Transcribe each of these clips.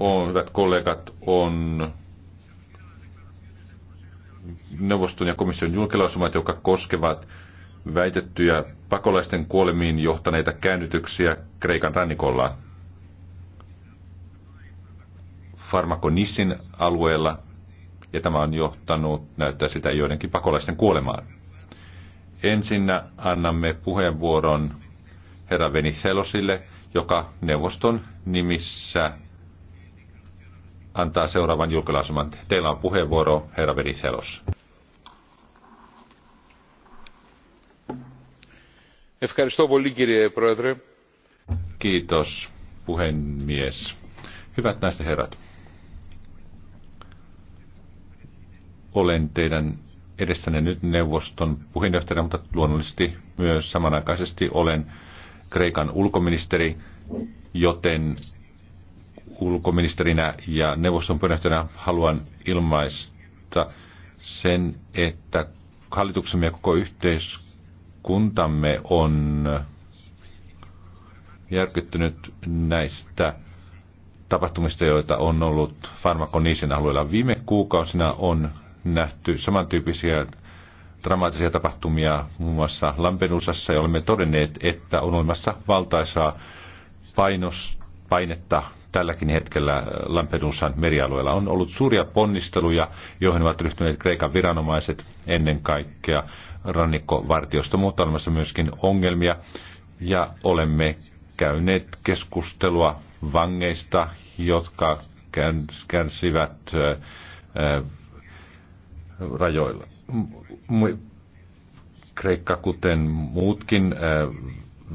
on, hyvät kollegat, on neuvoston ja komission julkilausumat, jotka koskevat väitettyjä pakolaisten kuolemiin johtaneita käännytyksiä Kreikan rannikolla. Farmakonissin alueella, ja tämä on johtanut, näyttää sitä joidenkin pakolaisten kuolemaan. Ensinnä annamme puheenvuoron herra Veniselosille, joka neuvoston nimissä antaa seuraavan julkilausuman. Teillä on puheenvuoro, herra Selos. Kiitos, puhemies. Hyvät näistä herrat. Olen teidän edessänne nyt neuvoston puheenjohtajana, mutta luonnollisesti myös samanaikaisesti olen Kreikan ulkoministeri, joten ulkoministerinä ja neuvoston puheenjohtajana haluan ilmaista sen, että hallituksemme ja koko yhteiskuntamme on järkyttynyt näistä tapahtumista, joita on ollut farmakoniisin alueella. Viime kuukausina on nähty samantyyppisiä dramaattisia tapahtumia muun muassa Lampedusassa ja olemme todenneet, että on olemassa valtaisaa painos, painetta tälläkin hetkellä Lampedusan merialueella. On ollut suuria ponnisteluja, joihin ovat ryhtyneet Kreikan viranomaiset ennen kaikkea rannikkovartiosta, mutta olemassa myöskin ongelmia. Ja olemme käyneet keskustelua vangeista, jotka kärsivät rajoilla. Kreikka, kuten muutkin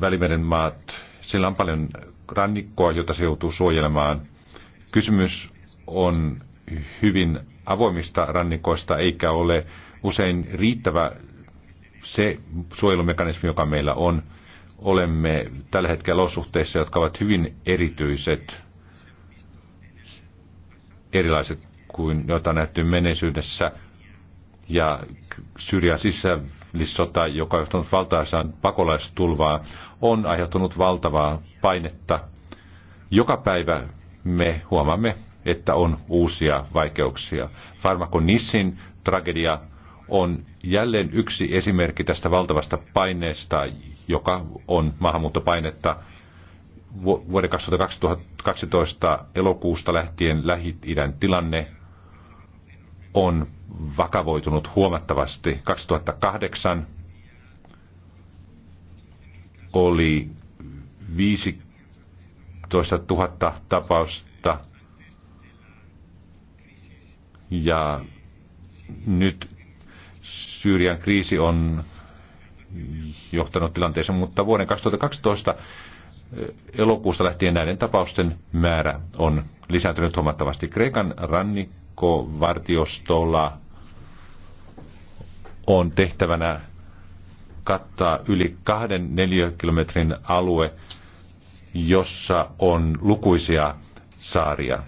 Välimeren maat, sillä on paljon rannikkoa, jota se joutuu suojelemaan. Kysymys on hyvin avoimista rannikoista, eikä ole usein riittävä se suojelumekanismi, joka meillä on. Olemme tällä hetkellä olosuhteissa, jotka ovat hyvin erityiset, erilaiset kuin joita on nähty menneisyydessä. Ja Syyrian sisällä eli sota, joka on johtanut valtaisaan pakolaistulvaa, on aiheuttanut valtavaa painetta. Joka päivä me huomaamme, että on uusia vaikeuksia. Farmakonissin tragedia on jälleen yksi esimerkki tästä valtavasta paineesta, joka on maahanmuuttopainetta vuoden 2012 elokuusta lähtien Lähi-idän tilanne on vakavoitunut huomattavasti. 2008 oli 15 000 tapausta ja nyt Syyrian kriisi on johtanut tilanteeseen, mutta vuoden 2012 eh, elokuusta lähtien näiden tapausten määrä on lisääntynyt huomattavasti. Kreikan rannikko rannikkovartiostolla on tehtävänä kattaa yli kahden neliökilometrin alue, jossa on lukuisia saaria.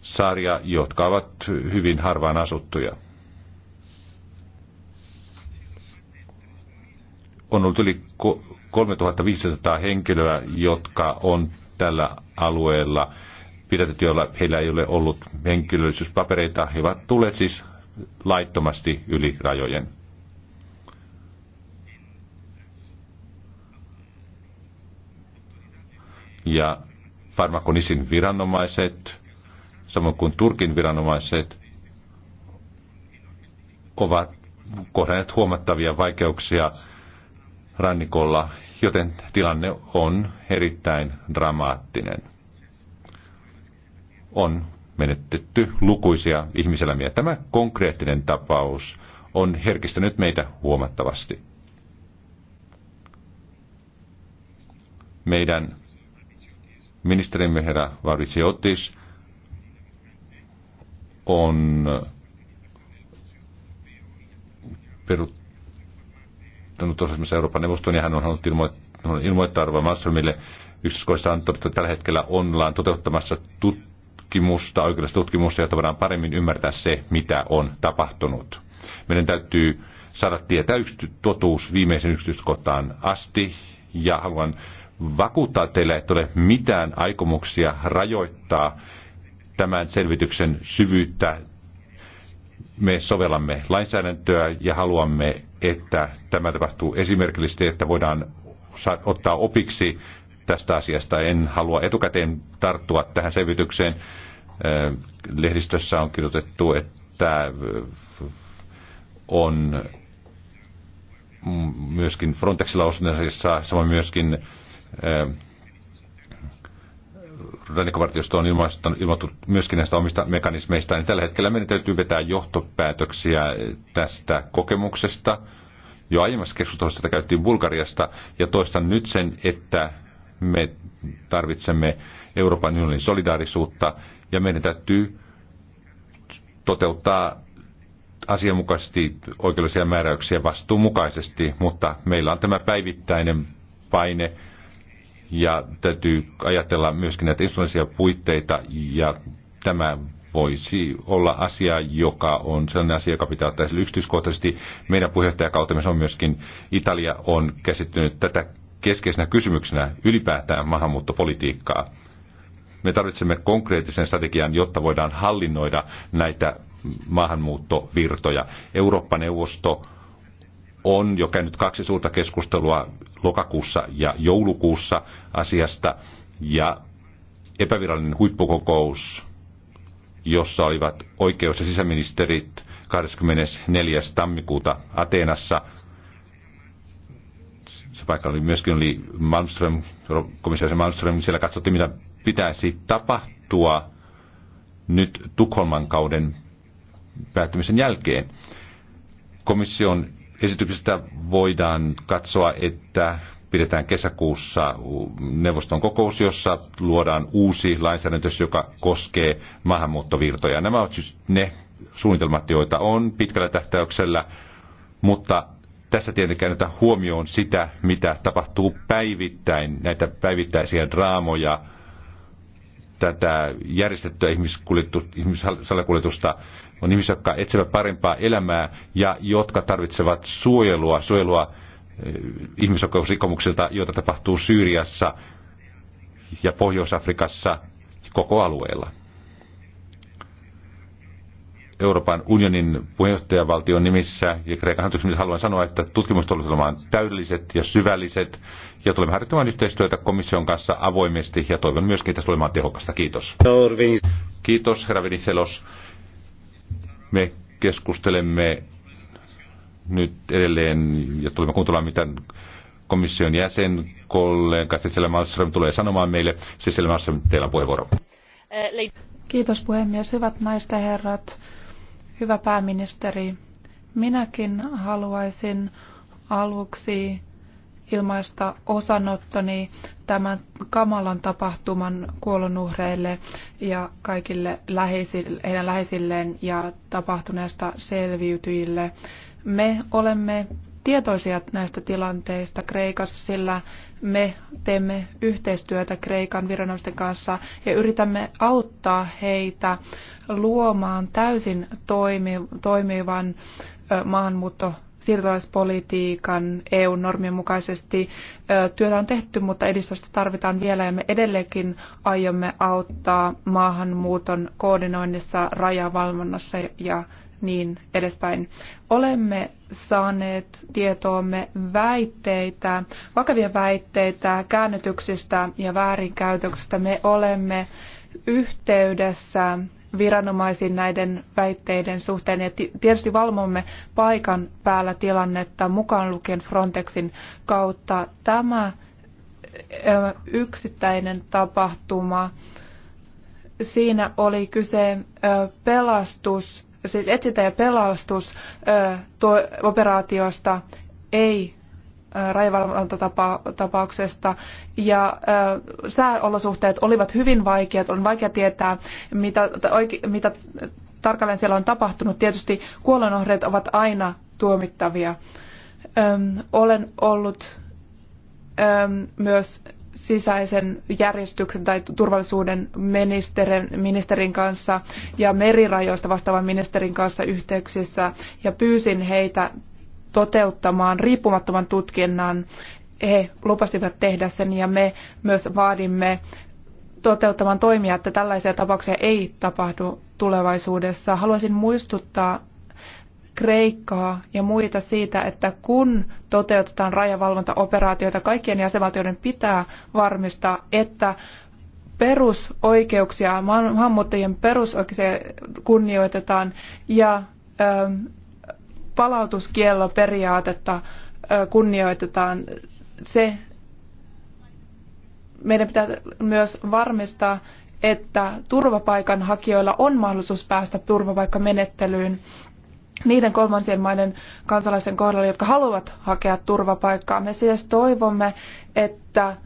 Saaria, jotka ovat hyvin harvaan asuttuja. On ollut yli 3500 henkilöä, jotka on tällä alueella – pidätetty, joilla heillä ei ole ollut henkilöllisyyspapereita. He ovat tulleet siis laittomasti yli rajojen. Ja Farmakonisin viranomaiset, samoin kuin Turkin viranomaiset, ovat kohdanneet huomattavia vaikeuksia rannikolla, joten tilanne on erittäin dramaattinen on menetetty lukuisia ihmiselämiä. Tämä konkreettinen tapaus on herkistänyt meitä huomattavasti. Meidän ministerimme herra Otis on peruttanut osallistumisen Euroopan neuvoston ja hän on halunnut ilmoittaa, ilmoittaa Arva Malmströmille yksityiskohdista että tällä hetkellä ollaan toteuttamassa tut- tutkimusta, oikeudellista tutkimusta, jotta voidaan paremmin ymmärtää se, mitä on tapahtunut. Meidän täytyy saada tietää yksity- totuus viimeisen yksityiskohtaan asti, ja haluan vakuuttaa teille, että ole mitään aikomuksia rajoittaa tämän selvityksen syvyyttä. Me sovellamme lainsäädäntöä ja haluamme, että tämä tapahtuu esimerkillisesti, että voidaan ottaa opiksi tästä asiasta. En halua etukäteen tarttua tähän selvitykseen. Lehdistössä on kirjoitettu, että on myöskin Frontexilla osuudessa, samoin myöskin rannikkovartiosto on ilmoittanut myöskin näistä omista mekanismeista, niin tällä hetkellä meidän täytyy vetää johtopäätöksiä tästä kokemuksesta. Jo aiemmassa keskustelussa tätä käytiin Bulgariasta, ja toistan nyt sen, että me tarvitsemme Euroopan unionin solidaarisuutta ja meidän täytyy toteuttaa asianmukaisesti oikeudellisia määräyksiä vastuunmukaisesti, mutta meillä on tämä päivittäinen paine ja täytyy ajatella myöskin näitä institutionaalisia puitteita ja tämä voisi olla asia, joka on sellainen asia, joka pitää ottaa yksityiskohtaisesti. Meidän puheenjohtajakautemme on myöskin, Italia on käsittynyt tätä keskeisenä kysymyksenä ylipäätään maahanmuuttopolitiikkaa. Me tarvitsemme konkreettisen strategian, jotta voidaan hallinnoida näitä maahanmuuttovirtoja. Eurooppa-neuvosto on jo käynyt kaksi suurta keskustelua lokakuussa ja joulukuussa asiasta ja epävirallinen huippukokous, jossa olivat oikeus- ja sisäministerit 24. tammikuuta Ateenassa – se paikka oli myöskin oli Malmström, komissaari Malmström, siellä katsottiin, mitä pitäisi tapahtua nyt Tukholman kauden päättymisen jälkeen. Komission esityksestä voidaan katsoa, että pidetään kesäkuussa neuvoston kokous, jossa luodaan uusi lainsäädäntö, joka koskee maahanmuuttovirtoja. Nämä ovat siis ne suunnitelmat, joita on pitkällä tähtäyksellä, mutta tässä tietenkään näitä huomioon sitä, mitä tapahtuu päivittäin, näitä päivittäisiä draamoja, tätä järjestettyä ihmissalakuljetusta, on ihmisiä, jotka etsivät parempaa elämää ja jotka tarvitsevat suojelua, suojelua eh, ihmisoikeusrikomuksilta, joita tapahtuu Syyriassa ja Pohjois-Afrikassa koko alueella. Euroopan unionin puheenjohtajavaltion nimissä ja Kreikan hallituksen nimissä haluan sanoa, että tutkimukset tulevat olemaan täydelliset ja syvälliset ja tulemme harjoittamaan yhteistyötä komission kanssa avoimesti ja toivon myöskin, että tulemaan tehokasta. Kiitos. Kiitos, herra Venizelos. Me keskustelemme nyt edelleen ja tulemme kuuntelemaan, mitä komission jäsen, kollega Cecilia Malmström tulee sanomaan meille. Cecilia Malmström, teillä on puheenvuoro. Kiitos puhemies. Hyvät naiset ja herrat. Hyvä pääministeri, minäkin haluaisin aluksi ilmaista osanottoni tämän kamalan tapahtuman kuolonuhreille ja kaikille läheisille, heidän läheisilleen ja tapahtuneesta selviytyjille. Me olemme tietoisia näistä tilanteista Kreikassa, sillä me teemme yhteistyötä Kreikan viranomaisten kanssa ja yritämme auttaa heitä luomaan täysin toimi, toimivan maahanmuutto siirtolaispolitiikan eu normien mukaisesti. Työtä on tehty, mutta edistystä tarvitaan vielä ja me edelleenkin aiomme auttaa maahanmuuton koordinoinnissa, rajavalvonnassa ja niin edespäin. Olemme saaneet tietoomme väitteitä, vakavia väitteitä käännytyksistä ja väärinkäytöksistä. Me olemme yhteydessä viranomaisiin näiden väitteiden suhteen ja tietysti valvomme paikan päällä tilannetta mukaan lukien Frontexin kautta. Tämä yksittäinen tapahtuma, siinä oli kyse pelastus siis etsintä- ja operaatiosta, ei tapauksesta Ja ö, sääolosuhteet olivat hyvin vaikeat. On vaikea tietää, mitä, oike, mitä tarkalleen siellä on tapahtunut. Tietysti kuolonohreet ovat aina tuomittavia. Öm, olen ollut öm, myös sisäisen järjestyksen tai turvallisuuden ministerin, ministerin kanssa ja merirajoista vastaavan ministerin kanssa yhteyksissä ja pyysin heitä toteuttamaan riippumattoman tutkinnan. He lupasivat tehdä sen ja me myös vaadimme toteuttamaan toimia, että tällaisia tapauksia ei tapahdu tulevaisuudessa. Haluaisin muistuttaa Kreikkaa ja muita siitä, että kun toteutetaan rajavalvontaoperaatioita, kaikkien jäsenvaltioiden pitää varmistaa, että perusoikeuksia, maahanmuuttajien perusoikeuksia kunnioitetaan ja ö, periaatetta ö, kunnioitetaan. Se, meidän pitää myös varmistaa, että turvapaikanhakijoilla on mahdollisuus päästä turvapaikkamenettelyyn niiden kolmansien maiden kansalaisten kohdalla, jotka haluavat hakea turvapaikkaa. Me siis toivomme, että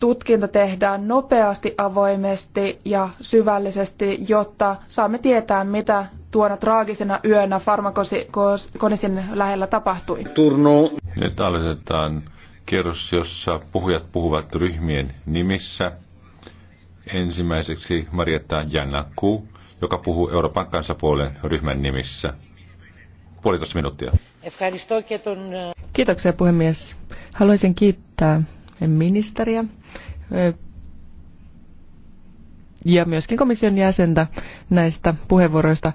tutkinta tehdään nopeasti, avoimesti ja syvällisesti, jotta saamme tietää, mitä tuona traagisena yönä farmakonisin lähellä tapahtui. Turno. Nyt aloitetaan kierros, jossa puhujat puhuvat ryhmien nimissä. Ensimmäiseksi Marietta Janaku joka puhuu Euroopan kansapuolen ryhmän nimissä. Puolitoista minuuttia. Kiitoksia puhemies. Haluaisin kiittää ministeriä ja myöskin komission jäsentä näistä puheenvuoroista.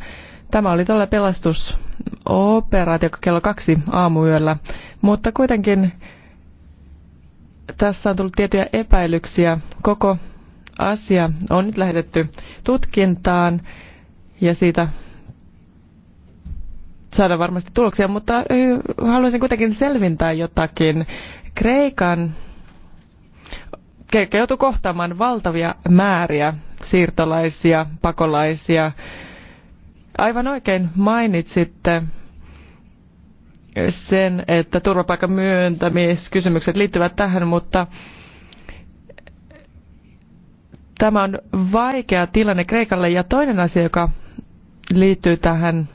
Tämä oli tällä pelastusoperaatio kello kaksi aamuyöllä, mutta kuitenkin tässä on tullut tiettyjä epäilyksiä koko asia on nyt lähetetty tutkintaan ja siitä saadaan varmasti tuloksia, mutta eh, haluaisin kuitenkin selvintää jotakin. Kreikan Kreikka joutui kohtaamaan valtavia määriä siirtolaisia, pakolaisia. Aivan oikein mainitsitte sen, että turvapaikan myöntämiskysymykset liittyvät tähän, mutta Tämä on vaikea tilanne Kreikalle. Ja toinen asia, joka liittyy tähän,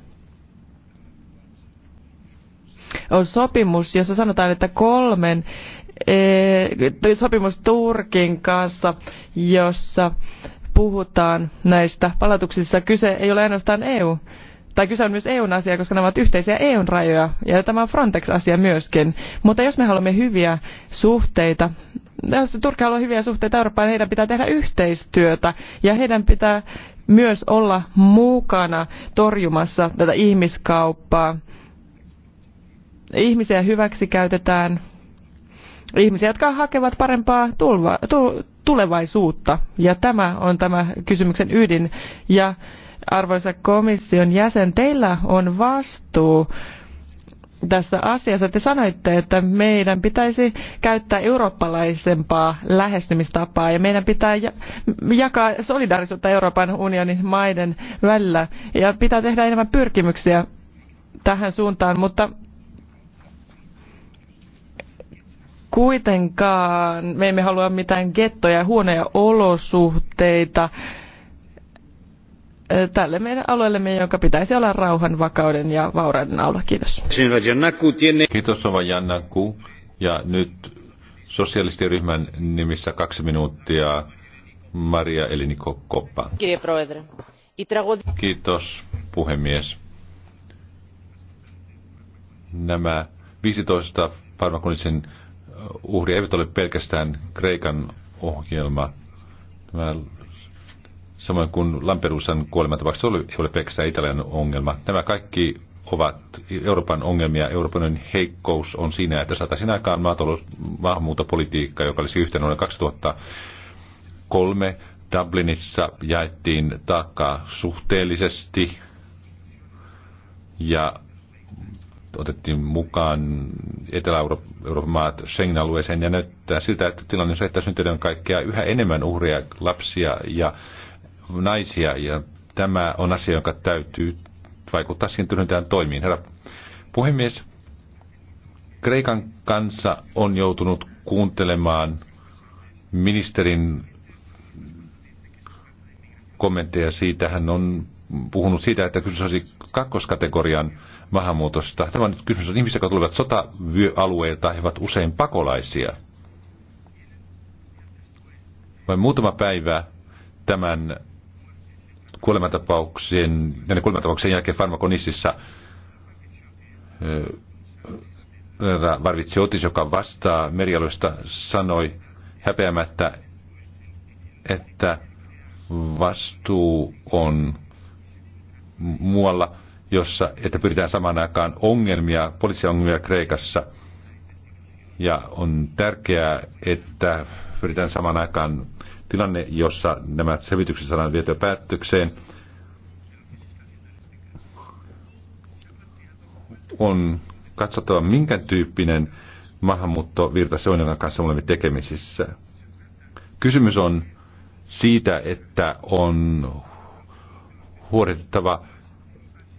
on sopimus, jossa sanotaan, että kolmen eh, sopimus Turkin kanssa, jossa puhutaan näistä palautuksista. Kyse ei ole ainoastaan EU tai kyse on myös EUn asia, koska nämä ovat yhteisiä EUn rajoja ja tämä on Frontex-asia myöskin. Mutta jos me haluamme hyviä suhteita, jos Turkki haluaa hyviä suhteita Eurooppaan, heidän pitää tehdä yhteistyötä ja heidän pitää myös olla mukana torjumassa tätä ihmiskauppaa. Ihmisiä käytetään. ihmisiä, jotka hakevat parempaa tulva, tu, tulevaisuutta. Ja tämä on tämä kysymyksen ydin. Ja arvoisa komission jäsen, teillä on vastuu tässä asiassa. Te sanoitte, että meidän pitäisi käyttää eurooppalaisempaa lähestymistapaa ja meidän pitää jakaa solidaarisuutta Euroopan unionin maiden välillä ja pitää tehdä enemmän pyrkimyksiä tähän suuntaan, mutta kuitenkaan me emme halua mitään gettoja ja huonoja olosuhteita tälle meidän alueellemme, jonka pitäisi olla rauhan, vakauden ja vaurauden aula. Kiitos. Kiitos Ova Jannaku. Ja nyt sosialistiryhmän nimissä kaksi minuuttia Maria Eliniko Koppa. Kiitos puhemies. Nämä 15 farmakonisen uhri eivät ole pelkästään Kreikan ohjelma. Nämä samoin kuin Lampedusan kuolemantapaukset ei ole pelkästään Italian ongelma. Nämä kaikki ovat Euroopan ongelmia. Euroopan heikkous on siinä, että saataisiin aikaan maahanmuuttopolitiikka, joka olisi yhtenä vuonna 2003. Dublinissa jaettiin taakkaa suhteellisesti ja otettiin mukaan Etelä-Euroopan maat Schengen-alueeseen ja näyttää siltä, että tilanne on se, että syntyy kaikkea yhä enemmän uhria, lapsia ja naisia ja tämä on asia, jonka täytyy vaikuttaa siihen, että toimiin. Herra puhemies, Kreikan kansa on joutunut kuuntelemaan ministerin kommentteja siitä. Hän on puhunut siitä, että kysymys olisi kakkoskategorian maahanmuutosta. Tämä on nyt kysymys on ihmisistä, jotka tulevat sotavyöalueilta, he ovat usein pakolaisia. Vain muutama päivä tämän kuolematapauksien, näiden kuolematapauksien jälkeen farmakonississa Varvitsi Otis, joka vastaa merialoista, sanoi häpeämättä, että vastuu on muualla, jossa, että pyritään samaan aikaan ongelmia, poliisiongelmia Kreikassa. Ja on tärkeää, että pyritään samaan aikaan tilanne, jossa nämä selvitykset saadaan vietyä päättykseen, on katsottava, minkä tyyppinen maahanmuuttovirta se on, jonka kanssa olemme tekemisissä. Kysymys on siitä, että on huolehdittava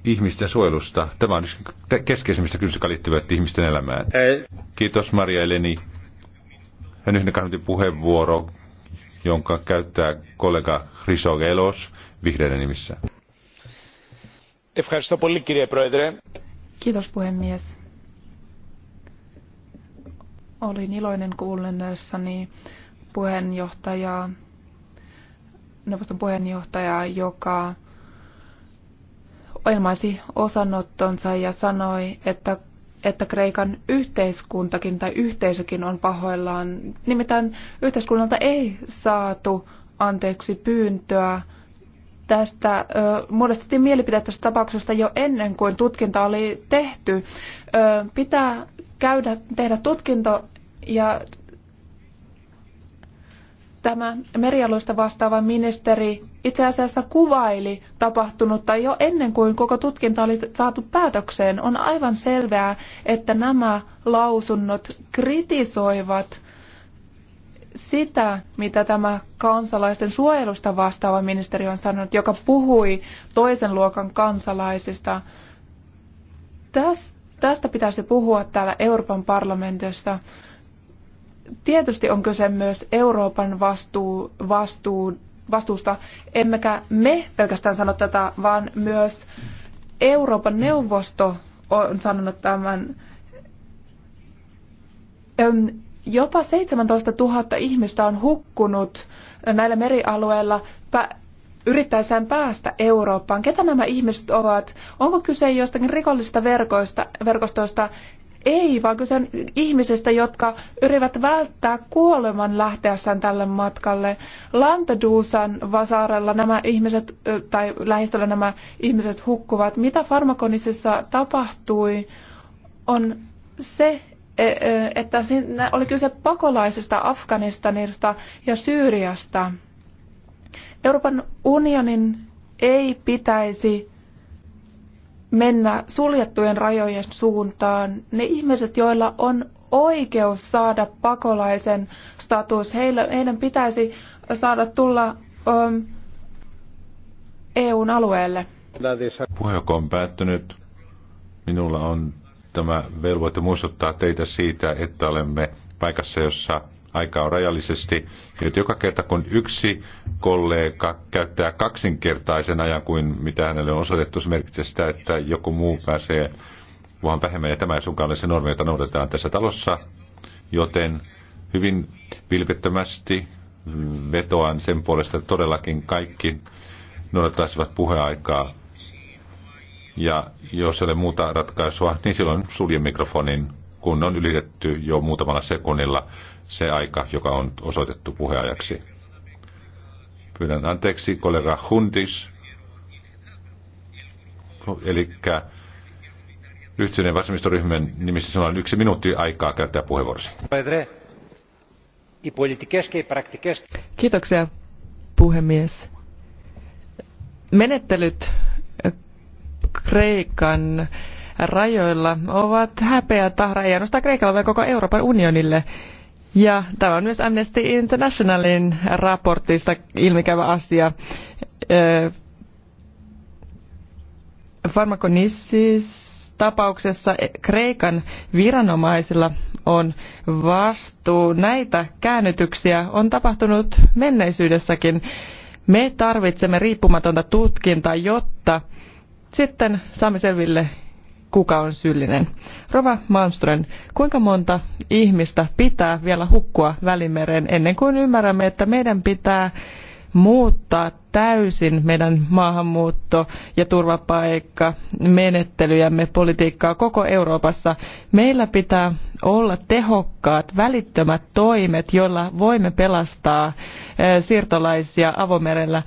ihmisten suojelusta. Tämä on yksi keskeisimmistä kysymyksistä, jotka liittyvät ihmisten elämään. Kiitos Maria Eleni. Hän yhden minuutin puheenvuoro jonka käyttää kollega Chrysogelos vihreiden nimissä. Kiitos puhemies. Olin iloinen kuullessani puheenjohtajaa, neuvoston puheenjohtajaa, joka ilmaisi osanottonsa ja sanoi, että että Kreikan yhteiskuntakin tai yhteisökin on pahoillaan. Nimittäin yhteiskunnalta ei saatu anteeksi pyyntöä. Tästä ö, muodostettiin mielipide tästä tapauksesta jo ennen kuin tutkinta oli tehty. Ö, pitää käydä, tehdä tutkinto ja tämä merialueista vastaava ministeri itse asiassa kuvaili tapahtunutta jo ennen kuin koko tutkinta oli saatu päätökseen. On aivan selvää, että nämä lausunnot kritisoivat sitä, mitä tämä kansalaisten suojelusta vastaava ministeri on sanonut, joka puhui toisen luokan kansalaisista. Tästä pitäisi puhua täällä Euroopan parlamentissa tietysti on kyse myös Euroopan vastuu, vastuu, vastuusta. Emmekä me pelkästään sano tätä, vaan myös Euroopan neuvosto on sanonut tämän. Jopa 17 000 ihmistä on hukkunut näillä merialueilla yrittäessään päästä Eurooppaan. Ketä nämä ihmiset ovat? Onko kyse jostakin rikollisista verkoista, verkostoista? Ei, vaan kyse on ihmisistä, jotka yrivät välttää kuoleman lähteessään tälle matkalle. Lampedusan vasaarella nämä ihmiset, tai lähistöllä nämä ihmiset hukkuvat. Mitä farmakonisissa tapahtui, on se, e, e, että siinä oli kyse pakolaisista Afganistanista ja Syyriasta. Euroopan unionin ei pitäisi mennä suljettujen rajojen suuntaan. Ne ihmiset, joilla on oikeus saada pakolaisen status, heillä, heidän pitäisi saada tulla um, EUn alueelle. Puheenjohtaja on päättynyt. Minulla on tämä velvoite muistuttaa teitä siitä, että olemme paikassa, jossa aikaa on rajallisesti, niin että joka kerta kun yksi kollega käyttää kaksinkertaisen ajan kuin mitä hänelle on osoitettu, se merkitsee sitä, että joku muu pääsee vaan vähemmän, ja tämä ei suinkaan ole se normi, jota noudatetaan tässä talossa, joten hyvin vilpittömästi vetoan sen puolesta, että todellakin kaikki noudattaisivat puheaikaa. Ja jos ei ole muuta ratkaisua, niin silloin sulje mikrofonin, kun on ylitetty jo muutamalla sekunnilla se aika, joka on osoitettu puheajaksi. Pyydän anteeksi, kollega Huntis. Eli yhteinen vasemmistoryhmän nimissä sinulla on yksi minuutti aikaa käyttää puheenvuorosi. Kiitoksia, puhemies. Menettelyt Kreikan rajoilla ovat häpeä tahra, ei ainoastaan Kreikalla, vaan koko Euroopan unionille. Ja tämä on myös Amnesty Internationalin raportista ilmikävä asia. Farmakonissis tapauksessa Kreikan viranomaisilla on vastuu. Näitä käännytyksiä on tapahtunut menneisyydessäkin. Me tarvitsemme riippumatonta tutkintaa, jotta sitten saamme selville kuka on syyllinen. Rova Malmström, kuinka monta ihmistä pitää vielä hukkua välimereen ennen kuin ymmärrämme, että meidän pitää muuttaa täysin meidän maahanmuutto- ja turvapaikka menettelyjämme politiikkaa koko Euroopassa. Meillä pitää olla tehokkaat, välittömät toimet, joilla voimme pelastaa eh, siirtolaisia avomerellä.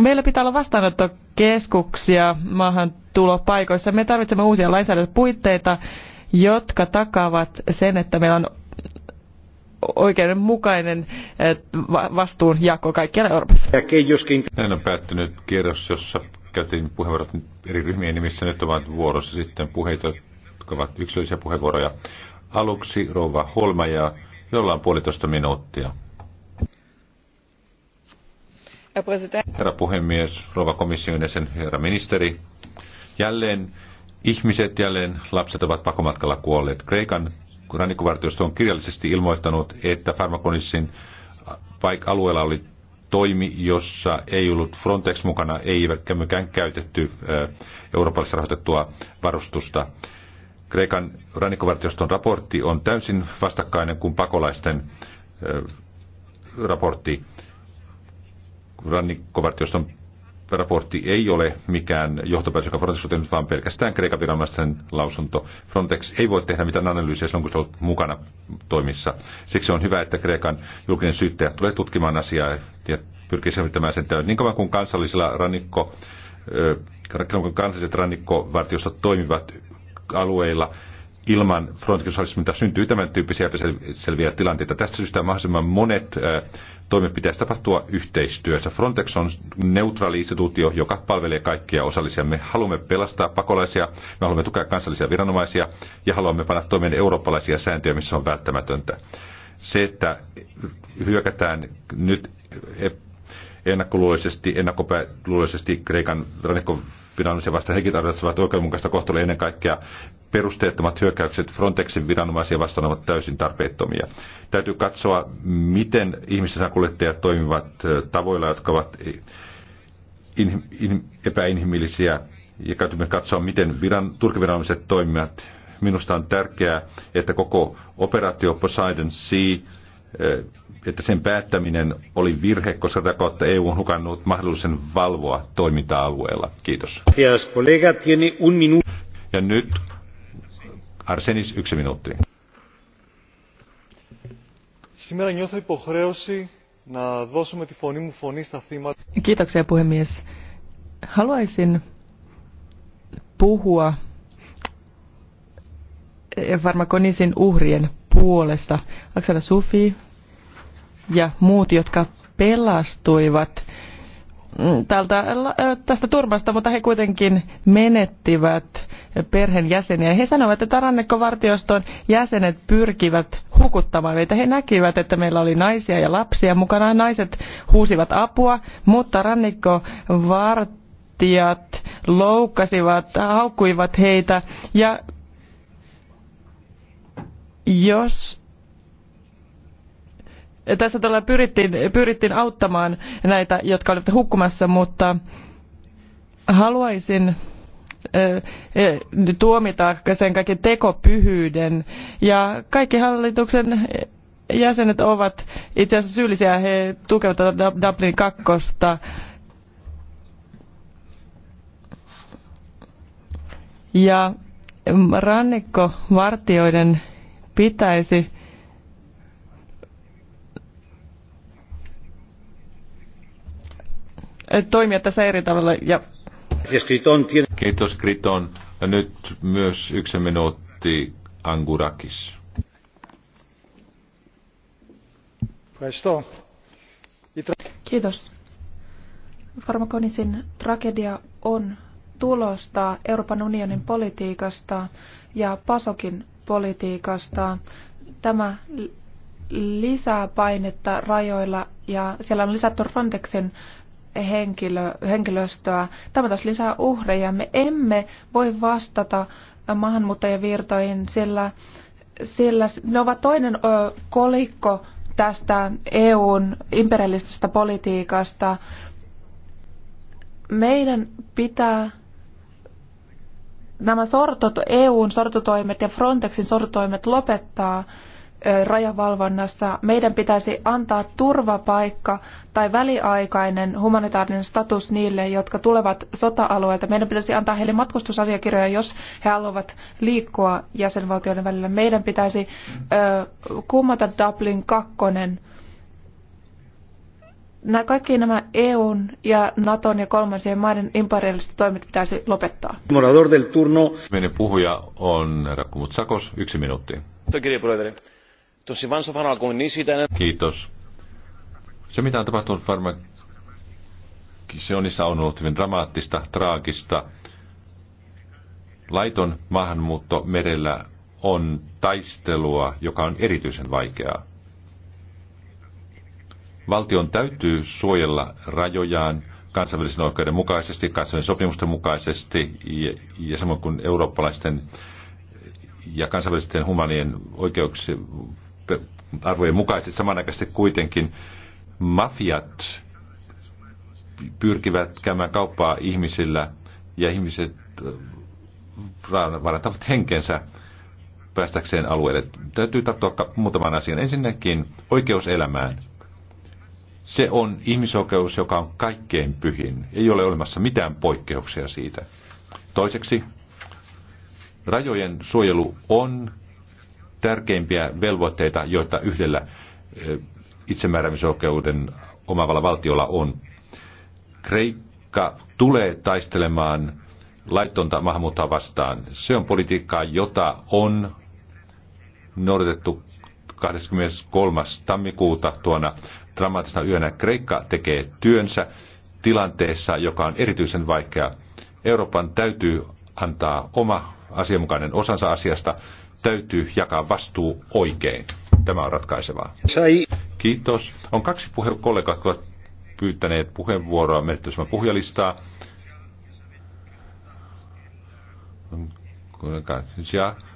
Meillä pitää olla vastaanottokeskuksia maahan tulopaikoissa. Me tarvitsemme uusia lainsäädäntöpuitteita, jotka takaavat sen, että meillä on oikeudenmukainen eh, vastuunjako kaikkialla Euroopassa. Näin on päättynyt kierros, jossa käytiin puheenvuorot eri ryhmien nimissä. Nyt ovat vuorossa sitten puheita, jotka ovat yksilöllisiä puheenvuoroja. Aluksi Rova Holma ja jolla on puolitoista minuuttia. Herra puhemies, rouva komission jäsen, herra ministeri. Jälleen ihmiset, jälleen lapset ovat pakomatkalla kuolleet. Kreikan rannikkovartiosto on kirjallisesti ilmoittanut, että Farmakonissin äh, alueella oli toimi, jossa ei ollut Frontex mukana, ei myöskään käytetty äh, eurooppalaisesti rahoitettua varustusta. Kreikan rannikkovartioston raportti on täysin vastakkainen kuin pakolaisten äh, raportti. Rannikkovartioston raportti ei ole mikään johtopäätös, joka Frontex on tehnyt, vaan pelkästään Kreikan viranomaisten lausunto. Frontex ei voi tehdä mitään analyysiä silloin, kun se on ollut mukana toimissa. Siksi on hyvä, että Kreikan julkinen syyttäjä tulee tutkimaan asiaa ja pyrkii selvittämään sen täyden. Niin kauan kuin kansallisilla rannikko, kansalliset rannikkovartiossa toimivat alueilla, ilman frontikysymystä syntyy tämän tyyppisiä epäselviä tilanteita. Tästä syystä mahdollisimman monet toimenpiteet tapahtua yhteistyössä. Frontex on neutraali instituutio, joka palvelee kaikkia osallisia. Me haluamme pelastaa pakolaisia, me haluamme tukea kansallisia viranomaisia ja haluamme panna toimeen eurooppalaisia sääntöjä, missä on välttämätöntä. Se, että hyökätään nyt e- ennakkoluuloisesti, ennakkoluuloisesti Kreikan rannikko viranomaisia vastaan. Hekin tarvitsevat oikeudenmukaista kohtelua ennen kaikkea perusteettomat hyökkäykset Frontexin viranomaisia vastaan ovat täysin tarpeettomia. Täytyy katsoa, miten ihmisenkuljettajat toimivat tavoilla, jotka ovat in, in, epäinhimillisiä, ja myös katsoa, miten viran, turkiviranomaiset toimivat. Minusta on tärkeää, että koko operaatio Poseidon Sea että sen päättäminen oli virhe, koska tätä kautta EU on hukannut mahdollisen valvoa toimintaa alueella. Kiitos. Ja nyt Arsenis yksi minuutti. Σήμερα νιώθω υποχρέωση να δώσουμε τη φωνή μου φωνή στα θύματα. Κοίταξε, puhemies. Haluaisin puhua farmakonisin uhrien puolesta. Aksana Sufi ja muut, jotka pelastuivat mm, tältä, tästä turmasta, mutta he kuitenkin menettivät perheenjäseniä. He sanovat, että Tarannekko-vartioston jäsenet pyrkivät hukuttamaan meitä. He näkivät, että meillä oli naisia ja lapsia mukana. Naiset huusivat apua, mutta rannikkovartijat loukkasivat, haukkuivat heitä ja jos tässä todella pyrittiin, pyrittiin auttamaan näitä, jotka olivat hukkumassa, mutta haluaisin eh, eh, tuomita sen kaiken tekopyhyyden. Ja kaikki hallituksen jäsenet ovat itse asiassa syyllisiä, he tukevat Dublin kakkosta. Ja rannikkovartioiden pitäisi toimia tässä eri tavalla. Ja... Kiitos Kriton. Ja nyt myös yksi minuutti Angurakis. Kiitos. Farmakonisin tragedia on tulosta Euroopan unionin politiikasta ja Pasokin politiikasta. Tämä lisää painetta rajoilla ja siellä on lisätty Frontexin henkilö, henkilöstöä. Tämä taas lisää uhreja. Me emme voi vastata maahanmuuttajavirtoihin, sillä, sillä ne ovat toinen ö, kolikko tästä EUn imperialistisesta politiikasta. Meidän pitää nämä sortot, EUn sortotoimet ja Frontexin sortotoimet lopettaa rajavalvonnassa, meidän pitäisi antaa turvapaikka tai väliaikainen humanitaarinen status niille, jotka tulevat sota-alueelta. Meidän pitäisi antaa heille matkustusasiakirjoja, jos he haluavat liikkua jäsenvaltioiden välillä. Meidän pitäisi ö, kumota Dublin kakkonen nämä kaikki nämä EUn ja Naton ja kolmansien maiden imperialistiset toimet pitäisi lopettaa. Morador del turno. Meidän puhuja on rakkumut Sakos yksi minuutti. Kiitos. Se mitä on tapahtunut varmaan, se on on ollut hyvin dramaattista, traagista. Laiton maahanmuutto merellä on taistelua, joka on erityisen vaikeaa. Valtion täytyy suojella rajojaan kansainvälisen oikeuden mukaisesti, kansainvälisen sopimusten mukaisesti ja, ja samoin kuin eurooppalaisten ja kansainvälisten humanien oikeuksien arvojen mukaisesti. Samanaikaisesti kuitenkin mafiat pyrkivät käymään kauppaa ihmisillä ja ihmiset äh, varantavat henkensä päästäkseen alueelle. Täytyy tarttua muutaman asian. Ensinnäkin oikeus elämään. Se on ihmisoikeus, joka on kaikkein pyhin. Ei ole olemassa mitään poikkeuksia siitä. Toiseksi, rajojen suojelu on tärkeimpiä velvoitteita, joita yhdellä eh, itsemääräämisoikeuden omavalla valtiolla on. Kreikka tulee taistelemaan laitonta maahanmuuttoa vastaan. Se on politiikkaa, jota on noudatettu 23. tammikuuta tuona dramaattisena yönä. Kreikka tekee työnsä tilanteessa, joka on erityisen vaikea. Euroopan täytyy antaa oma asianmukainen osansa asiasta, täytyy jakaa vastuu oikein. Tämä on ratkaisevaa. Sai. Kiitos. On kaksi puhe- kollegaa, jotka ovat pyytäneet puheenvuoroa merkitysemän puhujalistaa.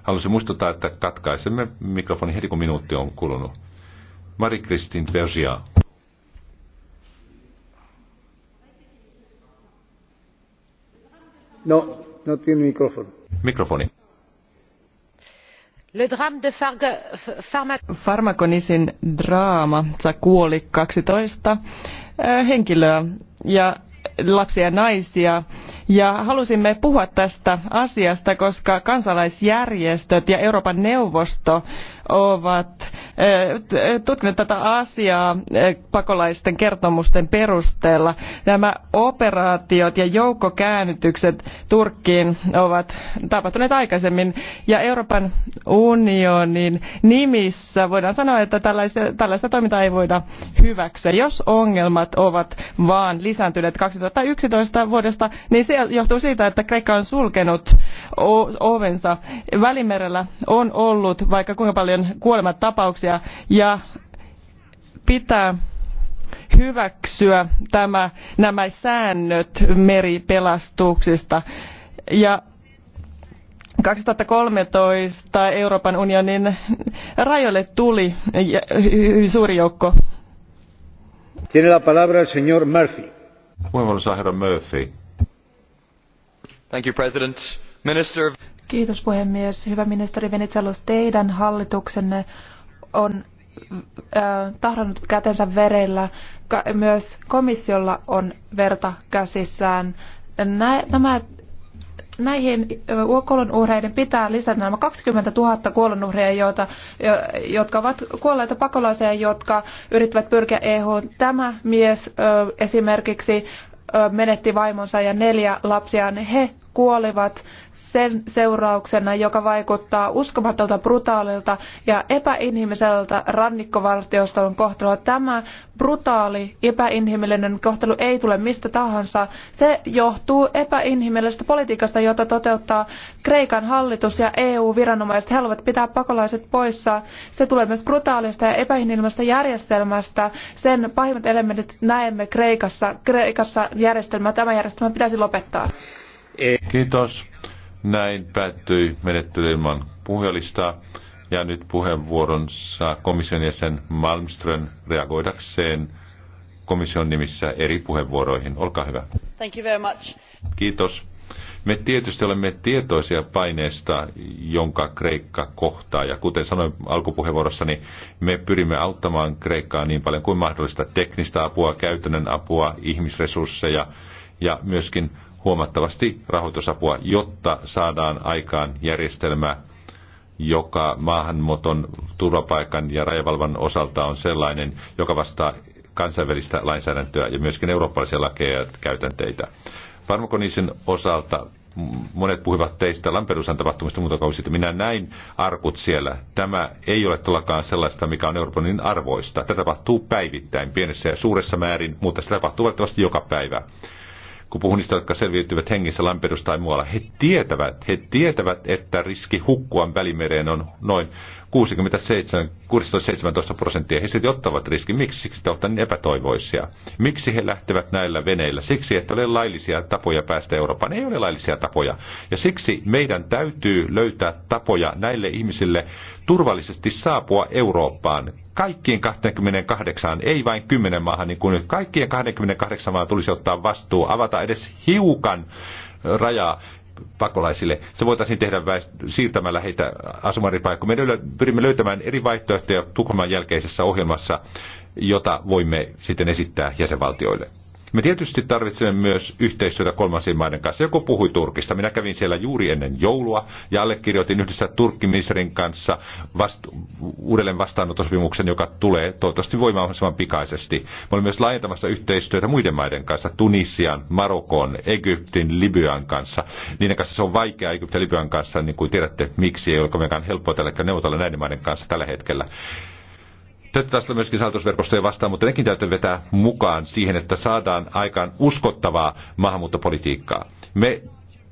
haluaisin muistuttaa, että katkaisemme mikrofonin heti kun minuutti on kulunut marie Kristin Bergia. No, no mikrofoni. Mikrofoni. Le drame de Farga, farma... Farmakonisin draama kuoli 12 äh, henkilöä ja lapsia ja naisia. Ja halusimme puhua tästä asiasta, koska kansalaisjärjestöt ja Euroopan neuvosto ovat tutkinut tätä asiaa pakolaisten kertomusten perusteella. Nämä operaatiot ja joukkokäännytykset Turkkiin ovat tapahtuneet aikaisemmin ja Euroopan unionin nimissä voidaan sanoa, että tällaista, tällaista toimintaa ei voida hyväksyä. Jos ongelmat ovat vaan lisääntyneet 2011 vuodesta, niin se johtuu siitä, että Kreikka on sulkenut ovensa. Välimerellä on ollut vaikka kuinka paljon paljon kuolemantapauksia ja pitää hyväksyä tämä, nämä säännöt meripelastuksista. Ja 2013 Euroopan unionin rajoille tuli hyvin suuri joukko. Tiene la palabra el señor Murphy. Puheenvuoron saa herra Murphy. Thank you, President. Minister... of... Kiitos puhemies. Hyvä ministeri Venizelos, teidän hallituksenne on tahdonut kätensä verellä. myös komissiolla on verta käsissään. nämä, näihin kuolonuhreiden pitää lisätä nämä 20 000 kuolonuhreja, joita, jotka ovat kuolleita pakolaisia, jotka yrittävät pyrkiä EU:hun. Tämä mies esimerkiksi menetti vaimonsa ja neljä lapsiaan. He kuolivat sen seurauksena, joka vaikuttaa uskomatolta brutaalilta ja epäinhimiseltä rannikkovartioston kohtelua. Tämä brutaali, epäinhimillinen kohtelu ei tule mistä tahansa. Se johtuu epäinhimillisestä politiikasta, jota toteuttaa Kreikan hallitus ja EU-viranomaiset. He haluavat pitää pakolaiset poissa. Se tulee myös brutaalista ja epäinhimillisestä järjestelmästä. Sen pahimmat elementit näemme Kreikassa. Kreikassa järjestelmä, tämä järjestelmä pitäisi lopettaa. Kiitos. Näin päättyi menettely ilman Ja nyt puheenvuoron saa komission jäsen Malmström reagoidakseen komission nimissä eri puheenvuoroihin. Olkaa hyvä. Thank you very much. Kiitos. Me tietysti olemme tietoisia paineesta, jonka Kreikka kohtaa. Ja kuten sanoin alkupuheenvuorossani, me pyrimme auttamaan Kreikkaa niin paljon kuin mahdollista teknistä apua, käytännön apua, ihmisresursseja ja myöskin huomattavasti rahoitusapua, jotta saadaan aikaan järjestelmä, joka maahanmuuton, turvapaikan ja rajavalvan osalta on sellainen, joka vastaa kansainvälistä lainsäädäntöä ja myöskin eurooppalaisia lakeja ja käytänteitä. Farmakonisin osalta monet puhuivat teistä Lampedusan tapahtumista muuta kausi sitten. Minä näin arkut siellä. Tämä ei ole tullakaan sellaista, mikä on Euroopan niin arvoista. Tätä tapahtuu päivittäin, pienessä ja suuressa määrin, mutta se tapahtuu valitettavasti joka päivä kun puhun niistä, jotka selviytyvät hengissä Lampedusta tai muualla, he tietävät, he tietävät, että riski hukkua välimereen on noin 67, 16-17 prosenttia heistä ottavat riskin. Miksi siksi te ovat niin epätoivoisia? Miksi he lähtevät näillä veneillä? Siksi, että ole laillisia tapoja päästä Eurooppaan. Ei ole laillisia tapoja. Ja siksi meidän täytyy löytää tapoja näille ihmisille turvallisesti saapua Eurooppaan. Kaikkiin 28, ei vain 10 maahan, niin kuin nyt. Kaikkien 28 maahan tulisi ottaa vastuu, avata edes hiukan rajaa pakolaisille. Se voitaisiin tehdä väest- siirtämällä heitä asumaripaikkoja. Me pyrimme löytämään eri vaihtoehtoja Tukholman jälkeisessä ohjelmassa, jota voimme sitten esittää jäsenvaltioille. Me tietysti tarvitsemme myös yhteistyötä kolmansien maiden kanssa. Joku puhui Turkista. Minä kävin siellä juuri ennen joulua ja allekirjoitin yhdessä turkkiministerin kanssa vast- uudelleen vastaanotosopimuksen, joka tulee toivottavasti voimaan pikaisesti. Me olemme myös laajentamassa yhteistyötä muiden maiden kanssa, Tunisian, Marokon, Egyptin, Libyan kanssa. Niiden kanssa se on vaikea Egyptin ja Libyan kanssa, niin kuin tiedätte, miksi ei ole kovinkaan helppoa tällä neuvotella näiden maiden kanssa tällä hetkellä. Täytyy olla myöskin saatusverkostoja vastaan, mutta nekin täytyy vetää mukaan siihen, että saadaan aikaan uskottavaa maahanmuuttopolitiikkaa. Me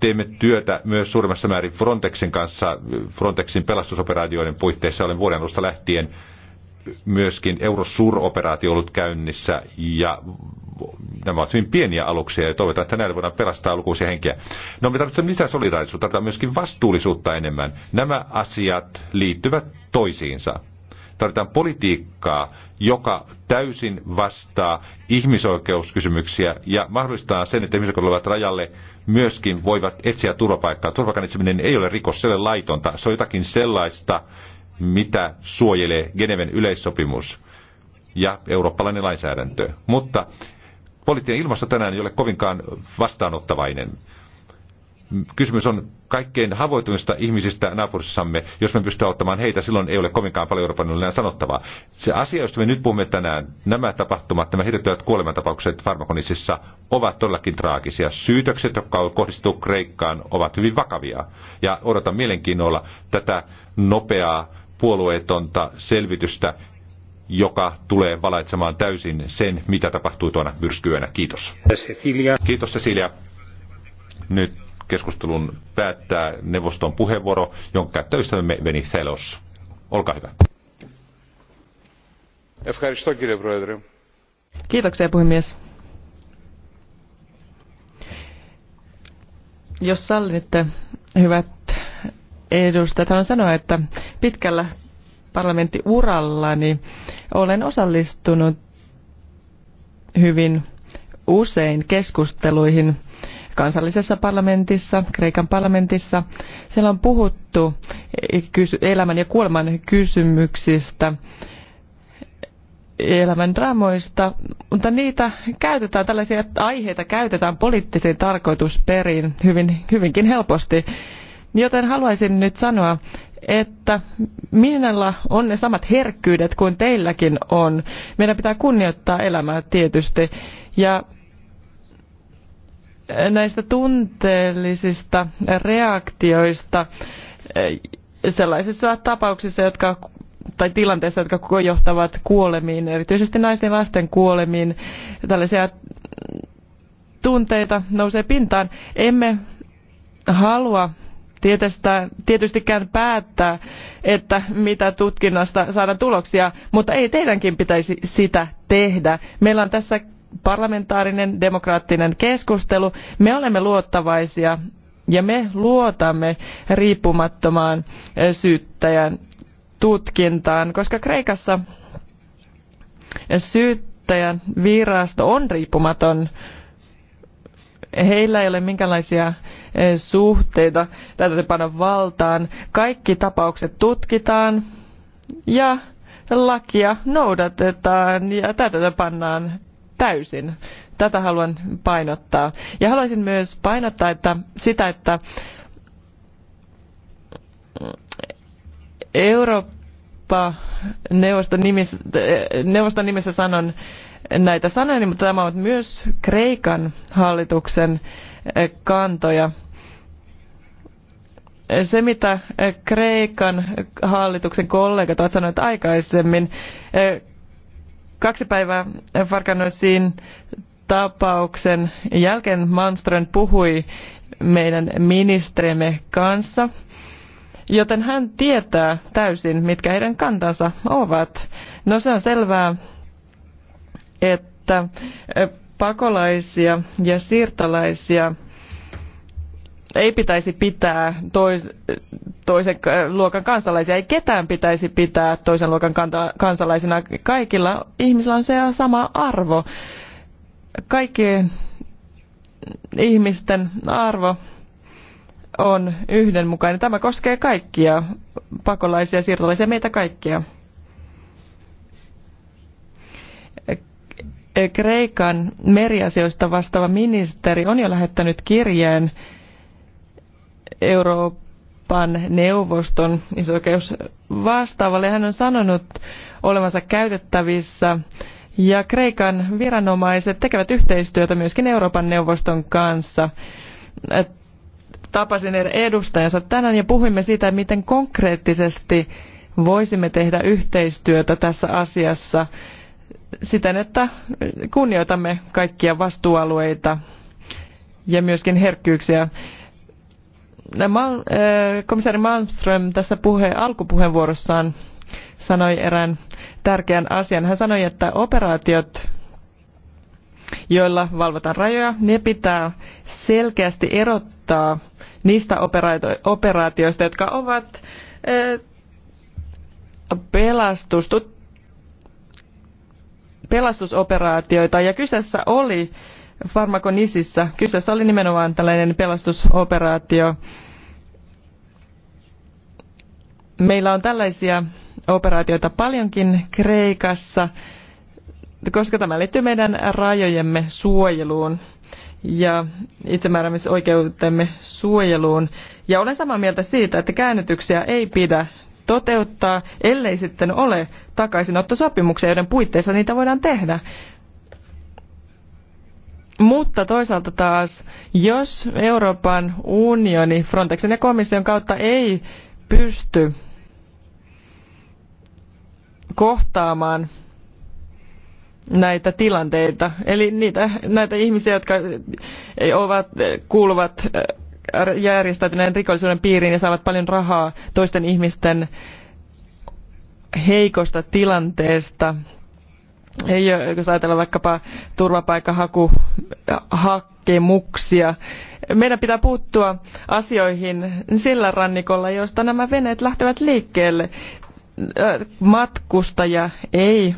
teemme työtä myös suuremmassa määrin Frontexin kanssa, Frontexin pelastusoperaatioiden puitteissa olen vuoden alusta lähtien myöskin Eurosur-operaatio ollut käynnissä ja nämä ovat hyvin pieniä aluksia ja toivotaan, että näillä voidaan pelastaa lukuisia henkiä. No me tarvitsemme lisää solidaarisuutta, tarvitaan myöskin vastuullisuutta enemmän. Nämä asiat liittyvät toisiinsa tarvitaan politiikkaa, joka täysin vastaa ihmisoikeuskysymyksiä ja mahdollistaa sen, että ihmiset, jotka rajalle, myöskin voivat etsiä turvapaikkaa. Turvapaikan etsiminen ei ole rikos, se ei ole laitonta. Se on jotakin sellaista, mitä suojelee Geneven yleissopimus ja eurooppalainen lainsäädäntö. Mutta poliittinen ilmasto tänään ei ole kovinkaan vastaanottavainen. Kysymys on kaikkein havoituimmista ihmisistä naapurissamme. Jos me pystymme auttamaan heitä, silloin ei ole kovinkaan paljon Euroopan unionilla sanottavaa. Se asia, josta me nyt puhumme tänään, nämä tapahtumat, nämä hirvittävät kuolemantapaukset farmakonisissa ovat todellakin traagisia. Syytökset, jotka kohdistuu Kreikkaan, ovat hyvin vakavia. Ja odotan mielenkiinnolla tätä nopeaa puolueetonta selvitystä, joka tulee valaitsemaan täysin sen, mitä tapahtui tuona myrskyönä. Kiitos. Cecilia. Kiitos Cecilia. Nyt keskustelun päättää neuvoston puheenvuoro, jonka käyttää ystävämme Veni Thelos. Olkaa hyvä. Kiitoksia puhemies. Jos sallitte, hyvät edustajat, haluan sanoa, että pitkällä parlamenttiurallani olen osallistunut hyvin usein keskusteluihin kansallisessa parlamentissa, Kreikan parlamentissa. Siellä on puhuttu eh, elämän ja kuoleman kysymyksistä elämän draamoista, mutta niitä käytetään, tällaisia aiheita käytetään poliittisiin tarkoitusperiin hyvin, hyvinkin helposti. Joten haluaisin nyt sanoa, että minulla on ne samat herkkyydet kuin teilläkin on. Meidän pitää kunnioittaa elämää tietysti. Ja näistä tunteellisista reaktioista eh, sellaisissa tapauksissa jotka, tai tilanteissa, jotka johtavat kuolemiin, erityisesti naisten ja lasten kuolemiin. Tällaisia tunteita nousee pintaan. Emme halua tietystikään päättää, että mitä tutkinnasta saada tuloksia, mutta ei teidänkin pitäisi sitä tehdä. Meillä on tässä parlamentaarinen demokraattinen keskustelu. Me olemme luottavaisia ja me luotamme riippumattomaan eh, syyttäjän tutkintaan, koska Kreikassa eh, syyttäjän virasto on riippumaton. Heillä ei ole minkälaisia eh, suhteita täytäntöpanon valtaan. Kaikki tapaukset tutkitaan ja lakia noudatetaan ja täytäntöpannaan täysin. Tätä haluan painottaa. Ja haluaisin myös painottaa että sitä, että Eurooppa-neuvoston nimissä, neuvoston nimissä sanon näitä sanoja, mutta tämä on myös Kreikan hallituksen eh, kantoja se mitä eh, Kreikan hallituksen kollegat ovat sanoneet aikaisemmin, eh, Kaksi päivää Farkanoisiin tapauksen jälkeen Malmström puhui meidän ministerimme kanssa, joten hän tietää täysin, mitkä heidän kantansa ovat. No se on selvää, että pakolaisia ja siirtolaisia ei pitäisi pitää tois, toisen äh, luokan kansalaisia, ei ketään pitäisi pitää toisen luokan kansalaisina. Kaikilla ihmisillä on se sama arvo. Kaikkien ihmisten arvo on yhdenmukainen. Tämä koskee kaikkia pakolaisia, siirtolaisia, meitä kaikkia. Kreikan meriasioista vastaava ministeri on jo lähettänyt kirjeen Euroopan neuvoston ihmisoikeusvastaavalle. vastaavalle. Hän on sanonut olevansa käytettävissä ja Kreikan viranomaiset tekevät yhteistyötä myöskin Euroopan neuvoston kanssa. Tapasin edustajansa tänään ja puhuimme siitä, miten konkreettisesti voisimme tehdä yhteistyötä tässä asiassa siten, että kunnioitamme kaikkia vastuualueita ja myöskin herkkyyksiä. Äh, Mal, äh, komissaari Malmström tässä puhe, alkupuheenvuorossaan sanoi erään tärkeän asian. Hän sanoi, että operaatiot, joilla valvotaan rajoja, ne pitää selkeästi erottaa niistä operaatioista, jotka ovat äh, pelastusoperaatioita. Ja kyseessä oli Farmakonisissa. Kyseessä oli nimenomaan tällainen pelastusoperaatio. Meillä on tällaisia operaatioita paljonkin Kreikassa, koska tämä liittyy meidän rajojemme suojeluun ja itsemääräämisoikeutemme suojeluun. Ja olen samaa mieltä siitä, että käännytyksiä ei pidä toteuttaa, ellei sitten ole takaisinottosopimuksia, joiden puitteissa niitä voidaan tehdä. Mutta toisaalta taas, jos Euroopan unioni Frontexin ja komission kautta ei pysty kohtaamaan näitä tilanteita, eli niitä, näitä ihmisiä, jotka ovat, kuuluvat järjestäytyneen rikollisuuden piiriin ja saavat paljon rahaa toisten ihmisten heikosta tilanteesta ei, jos ajatellaan vaikkapa turvapaikkahakemuksia. Meidän pitää puuttua asioihin sillä rannikolla, josta nämä veneet lähtevät liikkeelle. Matkustaja ei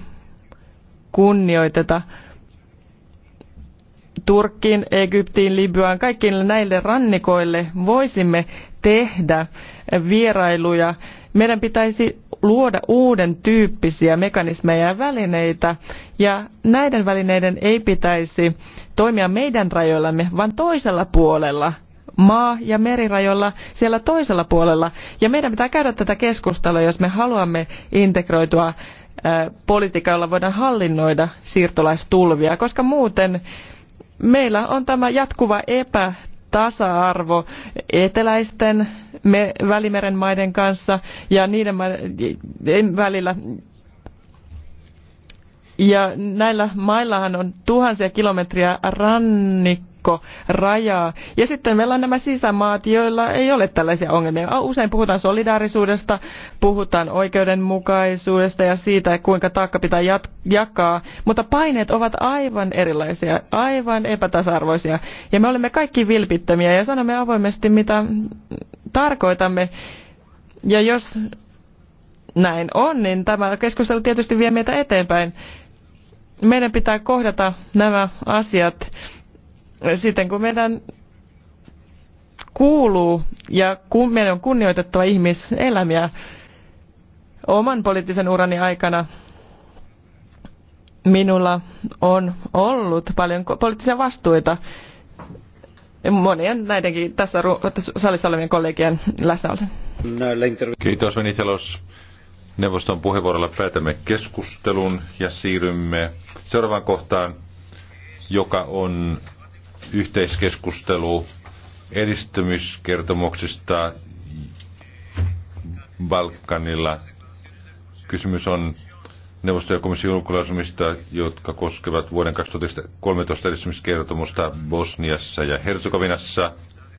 kunnioiteta Turkkiin, Egyptiin, Libyaan, kaikille näille rannikoille voisimme tehdä vierailuja. Meidän pitäisi luoda uuden tyyppisiä mekanismeja ja välineitä, ja näiden välineiden ei pitäisi toimia meidän rajoillamme, vaan toisella puolella maa- ja merirajoilla siellä toisella puolella. Ja meidän pitää käydä tätä keskustelua, jos me haluamme integroitua politiikka, jolla voidaan hallinnoida siirtolaistulvia, koska muuten meillä on tämä jatkuva epä tasa-arvo eteläisten Välimeren maiden kanssa ja niiden maiden välillä. Ja näillä maillahan on tuhansia kilometriä rannikkoa rannikko, raja. Ja sitten meillä on nämä sisämaat, joilla ei ole tällaisia ongelmia. Usein puhutaan solidaarisuudesta, puhutaan oikeudenmukaisuudesta ja siitä, kuinka taakka pitää jakaa. Mutta paineet ovat aivan erilaisia, aivan epätasa-arvoisia. Ja me olemme kaikki vilpittömiä ja sanomme avoimesti, mitä tarkoitamme. Ja jos näin on, niin tämä keskustelu tietysti vie meitä eteenpäin. Meidän pitää kohdata nämä asiat siten kuin meidän kuuluu ja kun meidän on kunnioitettava ihmiselämiä oman poliittisen urani aikana minulla on ollut paljon poliittisia vastuita monien näidenkin tässä salissa olevien kollegien läsnä ollen. Kiitos Venitelos. Neuvoston puheenvuorolla päätämme keskustelun ja siirrymme seuraavaan kohtaan, joka on yhteiskeskustelu edistymiskertomuksista Balkanilla. Kysymys on neuvosto- ja komission jotka koskevat vuoden 2013 edistymiskertomusta Bosniassa ja Herzegovinassa.